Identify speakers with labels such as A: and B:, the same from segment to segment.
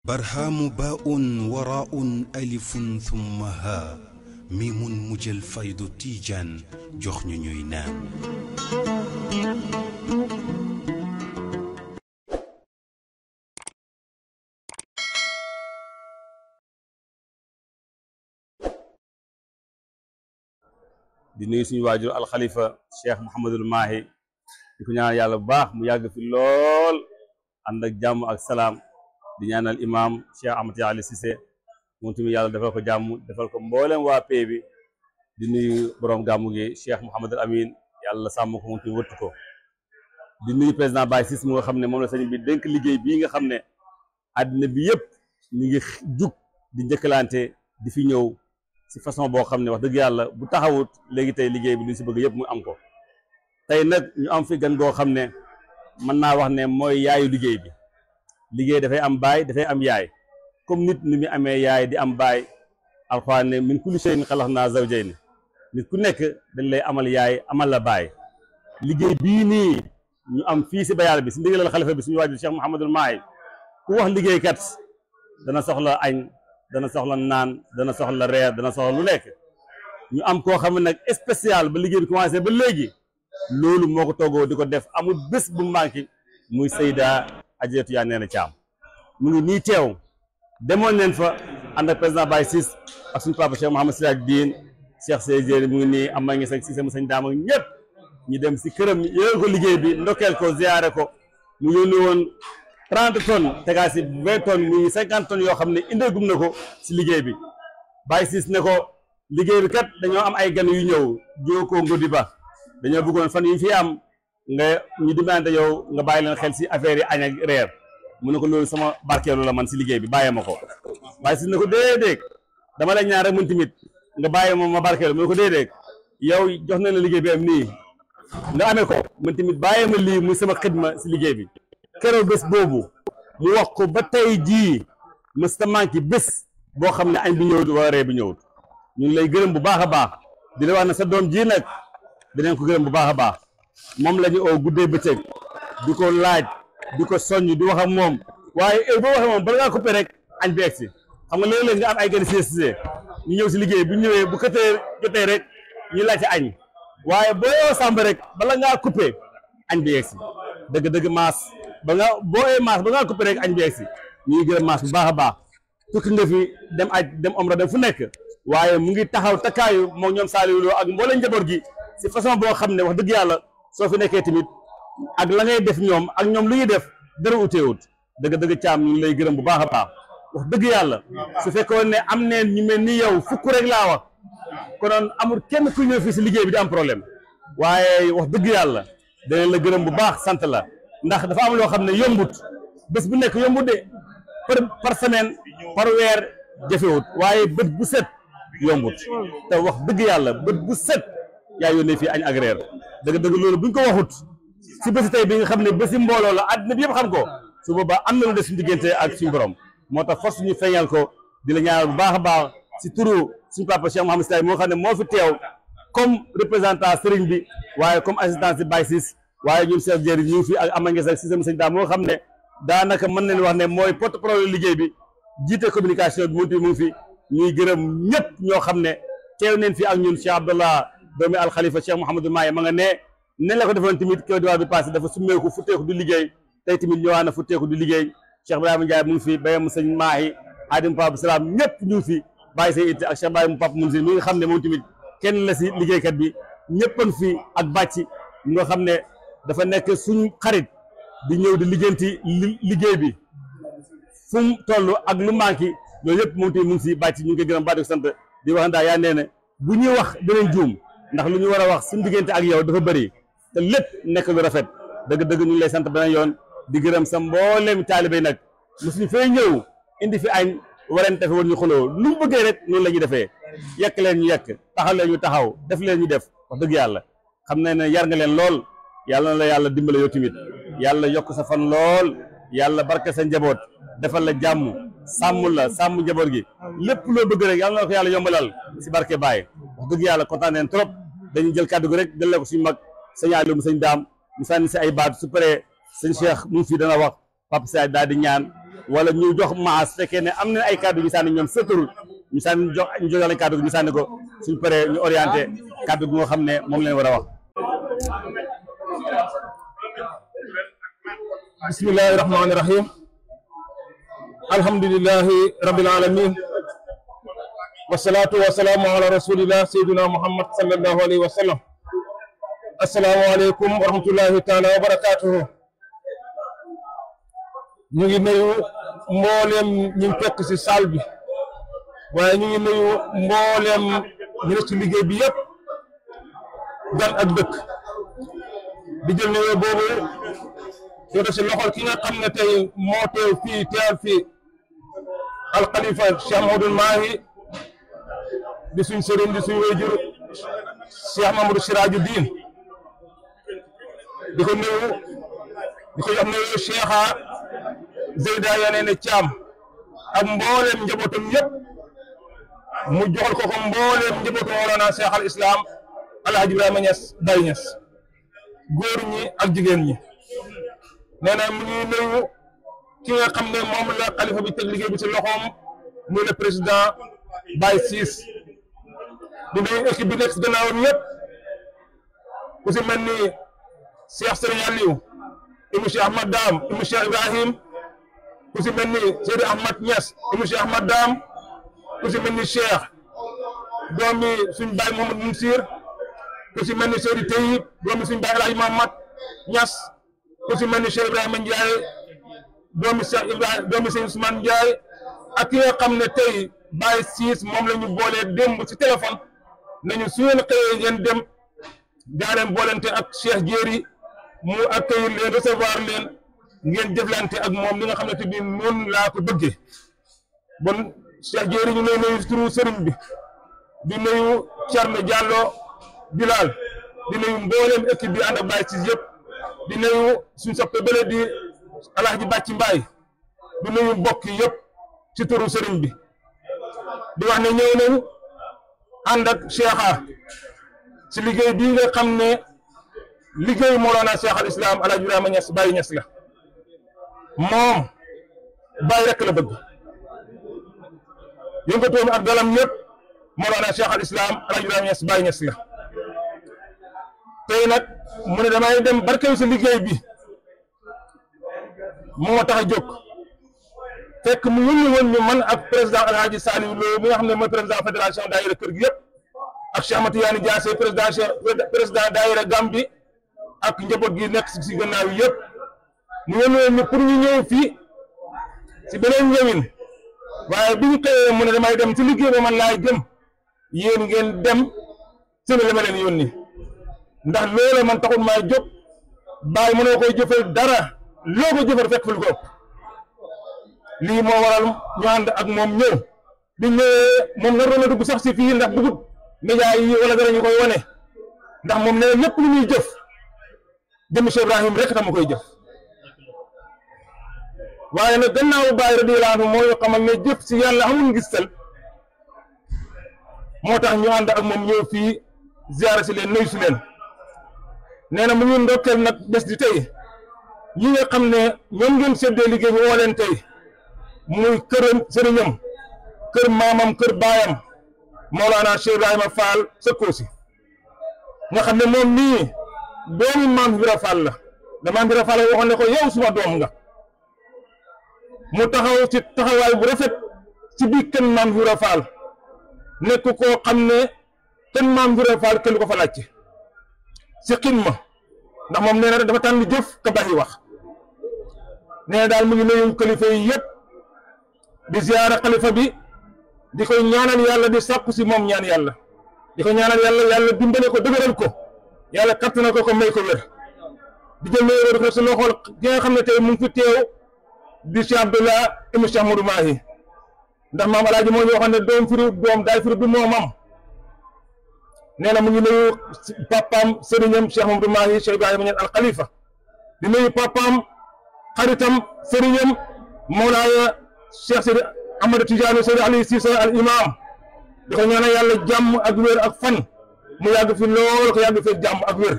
A: barhaamu baaun waraaun alifun thumma haa miimun mu jël faydu tiijaan jox ñu ñuy naan di nuyu suñu waajur alxalifa cheikh Mouhamadul Mahi di ko ñaanal yàlla bu baax mu yàgg fi lool ànd ak jàmm ak salaam di ñaanal imaam Cheikh Ahmed Ali Cissé moom tamit yàlla defal ko jàmm defal ko mbooleem waa pay bi di nuyu borom gàmmu gi Cheikh Mouhamadul Amin yàlla sàmm ko moom tamit wëttu ko di nuyu président Baye Ciss mu nga xam ne moom la sëñ bi dénk liggéey bii nga xam ne àddina bi yëpp ñu ngi jug di njëkkalante di fi ñëw si façon boo xam ne wax dëgg yàlla bu taxawut léegi tey liggéey bi lu si bëgg yëpp mu am ko tey nag ñu am fi gan goo xam ne mën naa wax ne liggéey bi da fay am da fay am yaay comme nit ni mi amé yaay di am baay alcorane min kulli shay'in khalaqna zawjayn nit ku nek dañ lay amal yaay amal la baay liggéey bi ni ñu am fi ci bayal bi si ndigalal khalifa bi suñu wajju Cheikh mohammed al Mahi ku wax kat dana soxla agn dana soxla nan dana soxla reer dana soxla lu nek ñu am ko xamne nak spécial ba liggéey bi commencé ba légui lolu moko togo diko def amul bés bu manki muy Seyda Adjaratou yaa neena Thiam mu ngi nii teew demoon neen fa ànd ak président Baye Ciss ak suñu papa Cheikh Mouhamed Siraaj Diin Cheikh Seydiéri mu ngi nii am ma ngi sañ si sama sañ daama ñëpp ñu dem si këram yéen ko liggéey bi ndokkeel ko ziyaare ko mu yónni woon trente tonnes tegaa si vingt tonnes muy cinquante tonnes yoo xam ne indee gum na ko si liggéey bi Baye Ciss ne ko liggéey bi kat dañoo am ay gan yu ñëw jóo ko ngodi ba dañoo bëggoon fan yi fi am nga ñu dimbalante yow nga bàyyi leen xel si affaire yi añ ak reer mu ne ko loolu sama barkeelu la man si liggéey bi bàyyee ma ko waaye si ne ko déedéet dama lay ñaar rek tamit nga bàyyi ma ma barkeelu mu ne ko déedéet yow jox na la liggéey bi nii nga amee ko man tamit bàyyi ma lii muy sama xidma si liggéey bi keroog bés boobu mu wax ko ba tey jii mësta manqué bés boo xam ne añ bi ñëwut wala reer bi ñëwut ñun lay gërëm bu baax a baax di la wax ne sa doom jii nag dinañ ko gërëm bu baax a baax moom la ñu oo guddee bëccëg di laaj di ko soññ di wax ak moom waaye heure boo waxee moom bala ngaa coupé rek añ bi egg si xam nga léeg-léeg nga am ay gan siesise ñu ñëw si liggéey bu ñëwee bu xëtee jotee rek ñu laajte añ waaye boo oo sàmb rek añ bi egg dëgg-dëgg ba nga boo ee maas ba ngaa coupé rek añ bi egg ñu ñuy gërëm maas bu baax a baax tukki nga fi dem aj dem omra dem fu nekk waaye mu ngi taxaw takkaayu moo ñoom Saliou Lo ak mbooleen njaboot gi si façon boo xam ne wax dëgg yàlla sofi fi timit ak la ngay def ñom ak ñom lu ñuy def dara wut deug deug cham ñu lay gërëm bu baaxa baax wax deug yàlla su fekkone ne am neen ñu mel ni yow fukk rek la wax konoon amul kenn ku ñëw fi ci liggéey bi di am problème waye wax deug yàlla da la gërëm bu baax sant la ndax dafa am lo xamné yombut bés bu nekk yombut de par par semaine par wèr jëfé wut waye bët bu set yombut te wax deug yàlla bët bu set ya yone fi añ ak dëgg-dëgg loolu bu ñu ko waxut si bési tey bi nga xam ne bési mbooloo la àddina bi yëpp xam ko su boobaa am na lu des suñu diggante ak si borom moo tax force ñu feeñal ko di la ñaanal bu baax a baax si turu suñu papa Cheikh Mouhamed Sy moo xam ne moo fi teew comme représentant sëriñ bi waaye comme assistant si Baye Ciss waaye ñun chef jëri ñu fi ak Amanges ak système sëñ daa moo xam ne daanaka mën nañu wax ne mooy porte-parole liggéey bi jiite communication bi mu ngi fi ñuy gërëm ñëpp ñoo xam ne teew neen fi ak ñun Cheikh Abdallah domi al khalifa Cheikh mohammed Maye ma nga ne ne la ko defon timit ke diwaan bi passé dafa summeeku futteeku du liggey tay timit ñewana na futteeku du liggey Cheikh ibrahim ndjay mu fi bayam seigne Maahi Adim pap salam ñëpp ñu fi baye sey it ak Cheikh Baye mu pap mu Mounzir mi nga xamne mo timit kenn la ci liggey kat bi ñëppan fi ak bàcc nga xamne dafa nek suñu xarit di ñëw di liggéenti liggey bi fu tollu ak lu manki loolu yëpp moom tamit mu ngi si bàcc ñu ngi koy gërëm bàcc di wax nda ya neene bu ñuy wax beneen joom ndax lu ñu war a wax suñu diggante ak yow dafa bëri te lépp nekk lu rafet dëgg-dëgg ñu ngi lay sant beneen yoon di gërëm sa mbooleem taalibe nag mosuñu fay ñëw indi fi añ warante fi war ñu xuloo lu mu bëggee rek noonu la ñu defee yekk leen ñu yekk taxaw leen ñu taxaw def leen ñu def wax dëgg yàlla xam ne ne yar nga leen lool yàlla na la yàlla dimbale yow tamit yàlla yokk sa fan lool yàlla barke sa njaboot defal la jàmm sàmm la sàmm njaboot gi lépp loo bëgg na yàlla yàlla kontaan neen trop dañuy jël kàddu gi rek delloo ko suñu mag sëñ Aliou mu sëñ daam mu sànni si ay baat su paree sañ seex mu fii dana wax Papa Saay daal di ñaan wala ñuy jox maas fekkee ne am na ay kàddu ñu sànni ñoom sëttarul ñu sànni jox ñu jox leen kàddu gi ñu ko suñu paree ñu orienté kàddu gi nga xam ne moom leen war a wax bismillahi rahmaani rahim
B: alhamdulilahi rabbil alamin wasalaatu wasalaamu ala rasulillah sayyidina muhammad sallallahu alayhi wa sallam asalaamaaleykum wa rahmatullahi taala wa barakaatuhu ñu ngi nuyu mbooleem ñu ngi fekk si saal bi waaye ñu ngi nuyu mbooleem ñu ne ci liggéey bi yëpp gan ak dëkk di jël nuyoo boobu yoo def si loxol ki nga xam ne tey moo teew fii teewal fii alxalifa Cheikh Mahamadul Maahi di suñ sëriñ di suñ wéyjur Cheikh Mamadou Siraju Diin di ko nuyu di ko jox nuyu Cheikha Zeyda yanee ne Caam ak mboolem njabootam yëpp mu joxal ko ko mboolem njabootam Mawlana Cheikh al Islam Alhaji Ibrahima Niass Baye Niass góor ñi ak jigéen ñi nee na mu ngi nuyu ki nga xam ne moom la xalifa bi teg bi ci loxoom muy le président Baye Ciss di nuyu équipe bi nekk si gannaawam ñëpp ku si mel ni Cheikh Serigne Aliou ibnu Cheikh Ahmad Daam ibnu Cheikh Ibrahim ku si mel ni Seydi Ahmad Niass ibnu Cheikh Ahmad Daam ku si mel ni Cheikh doomi suñ baay Mohamad Munsir ku si mel ni Seydi Tayib doomi suñ baay Alhaji Mohamad Niass ku si mel ni Cheikh Ibrahima Ndiaye doomi Cheikh Ibrahima doomi Seydi Ousmane Ndiaye ak ki nga xam ne tey Baye Ciss moom la ñu boolee démb si téléphone nañu su ngeen xëyee ngeen dem daaneen boolante ak Cheikh Jéeri mu accueillir leen recevoir leen ngeen jëflante ak moom li nga xamante ni noonu laa ko bëggee bon Cheikh Jéeri ñu lay nuyu turu sëriñ bi di nuyu Thierno Diallo Bilal di nuyu mbooleem équipe bi ànd ak Baye Ciss yëpp di nuyu suñu soppe bële di Alaaji Bàcci Mbaay di nuyu mbokk yëpp ci turu sëriñ bi di wax ne ñëw nañu. ànd ak Cheikha si liggéey bii nga xam ne liggéey Mawlana Cheikh al Islam El Hadj Ibrahima Niass Baye Niass la moom Baye rek la bëgg yëngatoo mi ak dalam ñëpp Mawlana Cheikh al Islam El Hadj Ibrahima Niass la tey nag mu ne damay dem barkeelu si liggéey bi moo tax a jóg. fekk mu yónni woon man ak président El Hadj Saliou Lo bi nga xam ne mooy président fédération daayira kër gi yëpp ak Cheikh Amath Yaani Diassé président président daayira Gambie ak njaboot gi nekk si gannaaw yëpp mu yónni woon ñu pour ñu ñëw fii si beneen ñëwin waaye bi ñu mu ne damay dem si liggéey ba man laay jëm yéen ngeen dem si la ma leen ndax loola man taxul maa jóg bàyyi mënoo koy jëfal dara loo ko jëfal fekk ful ko. lii moo waral ñu ànd ak moom ñëw bi ñëwee moom naroon na dugg sax si fii ndax dugub média yi wala dara ñu koy wane ndax moom nee lépp lu muy jëf jëmmi Cheikh Ibrahim rek tam koy jëf nag gannaaw Baay radiyallaahu anhu mooy xamal ne jëf si yàlla amul moo tax ñu ak moom ñëw fii ziyaara si leen nuyu si leen nee na mu ngi ndokkeel nag bés di tey ñi nga xam ne ñoom ngeen séddee liggéey bi woo leen tey. muy këram sëriñam kër maamam kër baayam Mawlana Cheikh Ibrahima Fall Sëkkoosi nga xam ne moom nii doomu maam Ibra Fall la da maam Ibra Fall waxoon ne ko yow suma doom nga mu taxaw ci taxawaay bu rafet ci biir kenn maam Ibra Fall nekk koo xam ne kenn maam Ibra Fall kenn ko fa laajte si xin ma ndax moom nee na dafa tànn jëf ka bàyyi wax nee na daal mu ngi nuyu kilifa yi yëpp. di ziyaara xalifa bi di koy ñaanal yàlla di sàkku si moom ñaan yàlla di ko ñaanal yàlla yàlla dimbale ko dëgëral ko yàlla kattanal ko ko may ko wér di jël loolu rek si loxool gi xam ne tey mu ngi fi teew di Cheikh Abdoulah ibn Cheikh Modou Mahi ndax maam alaaji moo ñu ne doom firi doom daay firi bi moomam nee na mu ngi nuyu papaam sëriñam Cheikh Modou Mahi Cheikh Ibrahima Niass al Khalifa di nuyu papaam xaritam sëriñam Mawlaaya Cheikh Seydi Ahmad Tidiane Seydi Aliou Cissé al imam di ko ñaanal yàlla jàmm ak wér ak fan mu yàgg fi lool ko yàgg fi jàmm ak wér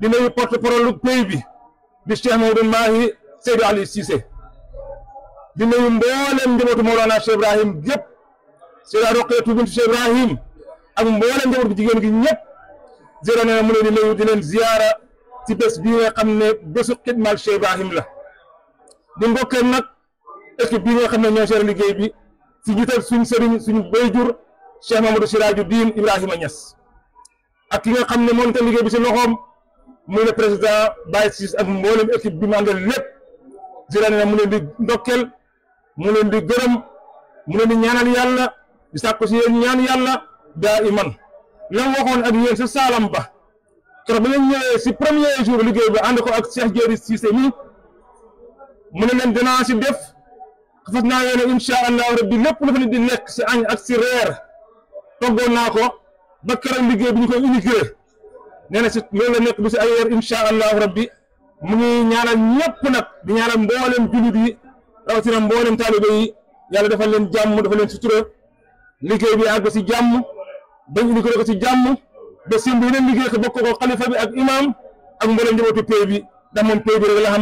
B: di nuyu porte parole pays bi di Cheikh Maodo Mahi Seydi Aliou Cissé di nuyu mbooleem njabootu Mawlana Cheikh Ibrahim yëpp Seyda Roqeetu bintu Cheikh Ibrahim ak mbooleem njabootu jigéen gi ñëpp zéro nee mu leen di nuyu ziyaara ci bés bii nga xam ne bésu xidmal Cheikh Ibrahim la équipe bi nga xam ñoo seer liggéey bi ci jiital suñu sëriñ suñu bayjur Cheikh Mamadou Siraju Diin Ibrahima Niass ak ki nga xamne ne moom itam liggéey bi ci loxom muy le président Baye Ciss ak mbolam équipe bi mu lepp di la na mu leen di ndokkel mu leen di gërëm mu leen di ñaanal yalla di sakku ci yeen ñaan yalla daiman lam waxon ak yeen ci salam ba trop bi ngeen ci premier jour liggéey bi and ko ak Cheikh Jéeri Cissé mi mu ne leen dina ci def. fas naa yéene incha allahu rabbi lépp lu fa nit di nekk si añ ak si reer toggoon naa ko ba keroog liggéey bi ñu koy unigré nee si loolu la nekk bi si ay weer incha allahu rabbi mu ngi ñaanal ñëpp nag di ñaanal mboolem jullit yi rawatina mboolem taalibe yi yàlla dafa leen jàmm dafa leen sutura liggéey bi àgg si jàmm bañ unigré ko si jàmm ba simb yeneen liggéey ko bokk ko xalifa bi ak imam ak mboolem njabootu pay bi ndax moom pay bi rek la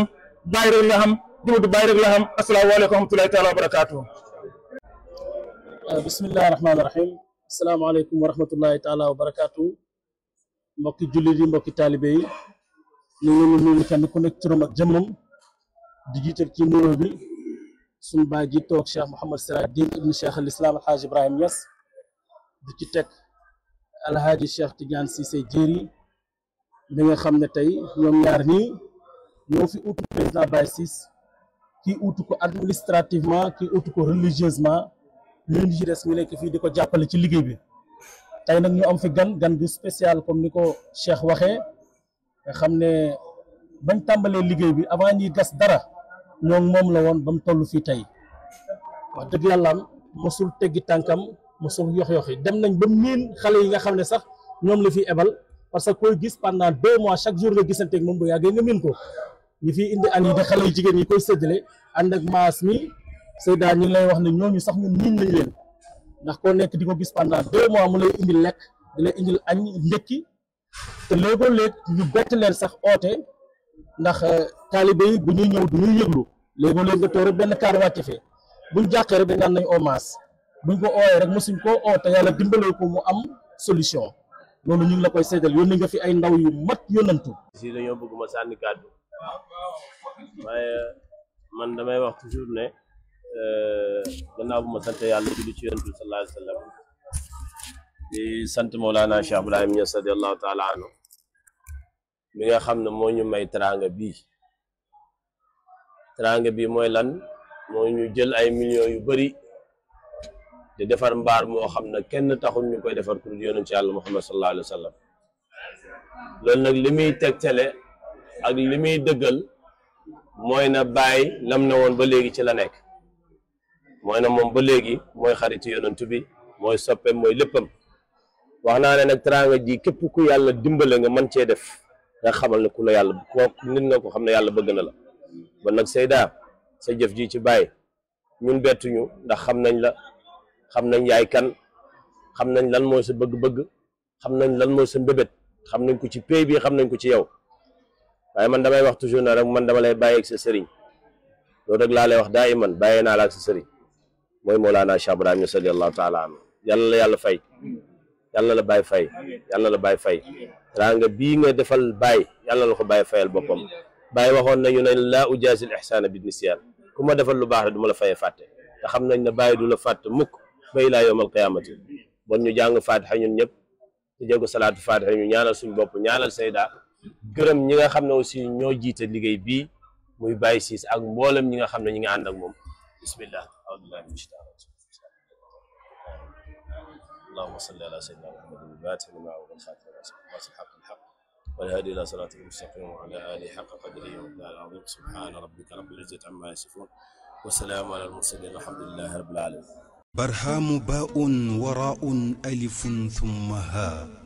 A: xam Duudu Baay rek la xam asalaamaaleykum wa rahmatulahi taala wa barakaatu. bismillahi rahmaani rahim asalaamaaleykum wa rahmatulahi mbokki jullit yi mbokki taalibe yi ñu ngi leen di nuyu kenn ku nekk turam ak jëmmam di ci nuyoo bi suñu baay ji toog Cheikh Mouhamed Siraddine ibn Cheikh al Islam Alhaji Ibrahim Niass di ci teg Alhaji Cheikh Tidiane Cissé Diéry bi nga xam ne tey ñoom ñaar nii ñoo fi ut président Baye kii utu ko administrativement kii utu ko religieusement ñun ci des nekk fii di ko jàppale ci liggéey bi tey nag ñu am fi gan gan gu spécial comme ni ko Cheikh waxee nga xam ne bañ tàmbalee liggéey bi avant ñuy gas dara ñoom moom la woon ba mu toll fii tey wax dëgg yàlla am mosul teggi tànkam mosul yox-yoxi dem nañ ba miin xale yi nga xam ne sax ñoom la fi ebal parce que koy gis pendant deux mois chaque jour nga gisanteeg moom bu yàggee nga miin ko ñi fi indi àll yi da xale yu jigéen ñi koy séddale ànd ak maas mi Seyda ñu ngi lay wax ne ñooñu sax ñun miin nañ leen ndax koo nekk di ko gis pendant deux moo mu lay indil lekk di lay indil añ ndékki te léegoo léeg ñu bett leen sax oote ndax euh, taalibe yi bu ñuy ñëw du ñuy yëglu léegoo léeg nga toog benn kaar wàcce fee buñ jàqee rek dañ nañ oo maas buñ ko ooyee rek mosuñ koo oo te yàlla dimbaloo ko mu am solution loolu ñu ngi la koy seetal yónni nga fi ay ndaw yu mat yónnantu
C: si dañoo bëgg ma sànni kàddu waaye man damay wax toujours ne euh, gannaaw bu ma sant yàlla julli ci yonent bi sant Mawlana Cheikh Ibrahim Niass radiyallahu taala anhu mi nga xam ne moo ñu may teraanga bii teraanga bii mooy lan moo ñu jël ay millions yu bari di defar mbaar moo xam ne kenn taxul ñu koy defar ku dul yonent ci àll Muhammad sallallahu alayhi wa loolu nag li muy tegtale ak li muy dëggal mooy na bàyyi lam na woon ba léegi ci la nekk mooy na moom ba léegi mooy xaritu yonent bi mooy soppeem mooy léppam wax naa ne nag teraanga jii képp ku yàlla dimbale nga man cee def nga xamal na ku la yàlla ko nit nga ko xam ne yàlla bëgg na la ba nag Seyda sa jëf ji ci bàyyi ñun bettuñu ndax xam nañ la xam nañ yaay kan xam nañ lan mooy sa bëgg-bëgg xam nañ lan mooy sa mbébét xam nañ ko ci pay bi xam nañ ko ci yow waaye man damay wax toujours na rek man dama lay bàyyi ak sa sëriñ loolu rek laa lay wax daa iman bàyyee naa la ak sa sëriñ mooy Mawlana Cheikh Ibrahim Niass radiyallahu taala anhu yàlla la yàlla fay yàlla la bàyyi fay yàlla la bàyyi fay teraanga bii nga defal baay yàlla la ko bàyyi fayal boppam bàyyi waxoon ñu ne laa ujaasil ihsaana bi nisyaan ku ma defal lu baax rek du ma la fayee fàtte xam nañ ne bàyyi du la fàtte mukk ba ilaa yawmal qiyaamati bon ñu jàng faatixa ñun ñëpp ñu jéego salaatu faatixa ñu ñaanal suñu bopp ñaanal sayda gërëm ñi nga xamne aussi ñoo jité ligéy bi muy Baye Ciss ak mbolam ñi nga xamne ñi nga ànd ak mom bismillah اللهم صل على سيدنا محمد الفاتح لما أول الخاتم الناس الحق الحق والهادي إلى صراطك المستقيم وعلى آله حق قدره ومقداره العظيم سبحان ربك رب العزة عما يصفون والسلام على المرسلين والحمد لله رب العالمين
A: برهام باء وراء ألف ثم هاء